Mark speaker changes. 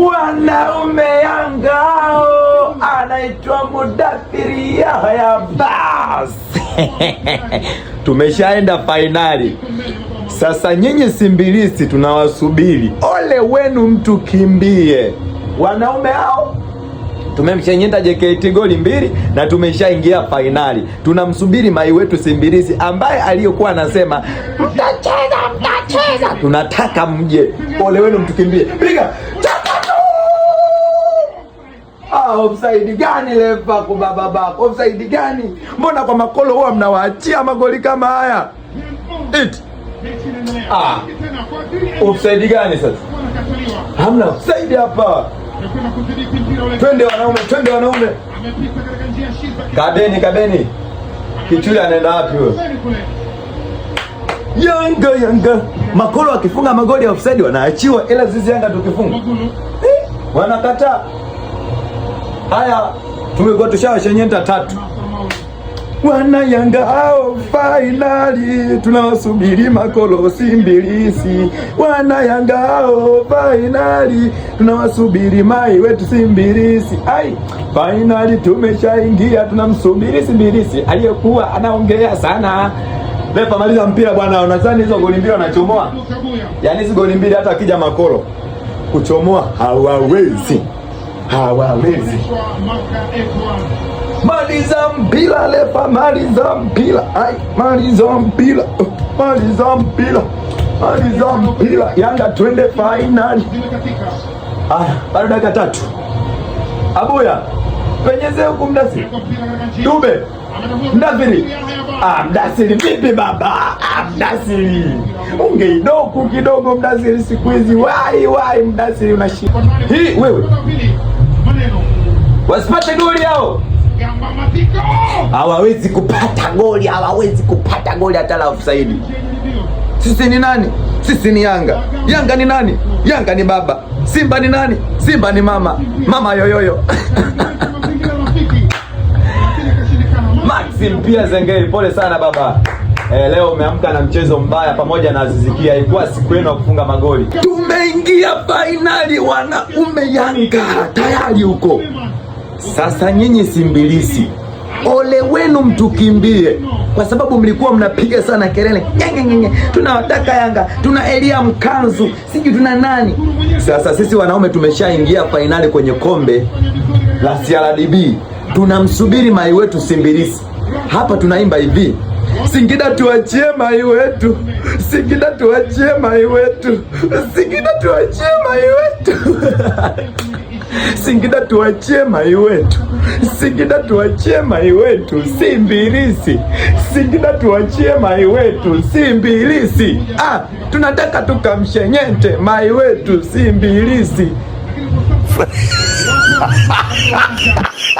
Speaker 1: Wanaume yangao anaitwa Mudafiri Yahya bas Tumeshaenda fainali sasa, nyinyi Simbilisi tunawasubiri. Ole wenu mtu kimbie, wanaume hao tumemshenyenda JKT goli mbili na tumeshaingia fainali. Tunamsubiri mai wetu Simbilisi ambaye aliyokuwa anasema mtacheza, mtacheza. Tunataka mje, ole wenu mtukimbie, piga Offside gani lepa kwa baba bako? gani? Mbona kwa makolo huwa mnawaachia magoli kama haya? It. Ah. gani sasa? Hamna offside hapa. Twende wanaume, twende wanaume. Kadeni, kadeni. Kichuli anaenda wapi wewe? Yanga, Yanga. Makolo akifunga magoli ya ofsaidi wanaachiwa, ila zizi Yanga tukifunga. wanakata eh? Wanakataa. Haya, tumekuwa tushawashenyenta tatu Wana Yanga hao fainali tunawasubiri makolosi mbilisi. Wana Yanga hao fainali tunawasubiri mai wetu simbilisi. Ai, fainali tumeshaingia, tunamsubiri simbilisi aliyekuwa anaongea sana. Lepa maliza mpira bwana, unadhani hizo goli mbili wanachomoa? Yaani hizo goli mbili hata akija makolo kuchomoa hawawezi hawawezi. Mali za mpira lepa, mali za mpira, ai, mali za mpira, mali za mpira, mali za mpira. Yanga twende fainali. Ah, bado dakika tatu. Abuya penyeze huku, Mdasiri Dube, Mdasiri ah, Mdasiri vipi baba? Ah, Mdasiri ungeidoku kidogo Mdasiri, siku hizi wai wai, Mdasiri unashika hii wewe wasipate goli hao, hawawezi kupata goli, hawawezi kupata goli hata la ofsaidi. Sisi ni nani? Sisi ni Yanga. Yanga ni nani? Yanga ni baba. Simba ni nani? Simba ni mama, mama yoyoyo. Maxim pia Zengeli, pole sana baba eh, leo umeamka na mchezo mbaya pamoja na zizikia ilikuwa siku yenu ya kufunga magoli. Tumeingia fainali wanaume, Yanga tayari huko sasa. Nyinyi simbilisi, ole wenu mtukimbie, kwa sababu mlikuwa mnapiga sana kelele, tunawataka Yanga, tuna Elia Mkanzu, sijui tuna nani. Sasa sisi wanaume tumeshaingia fainali kwenye kombe la CRDB, tunamsubiri mai wetu simbilisi. Hapa tunaimba hivi Singida tuwachie mai wetu, Singida tuwachie mai wetu, Singida tuwachie mai wetu Singida tuwachie mai wetu, Singida tuwachie mai wetu, si mbilisi. Singida tuwachie mai wetu, si mbilisi. Ah, tunataka tukamshenyente mai wetu, si mbilisi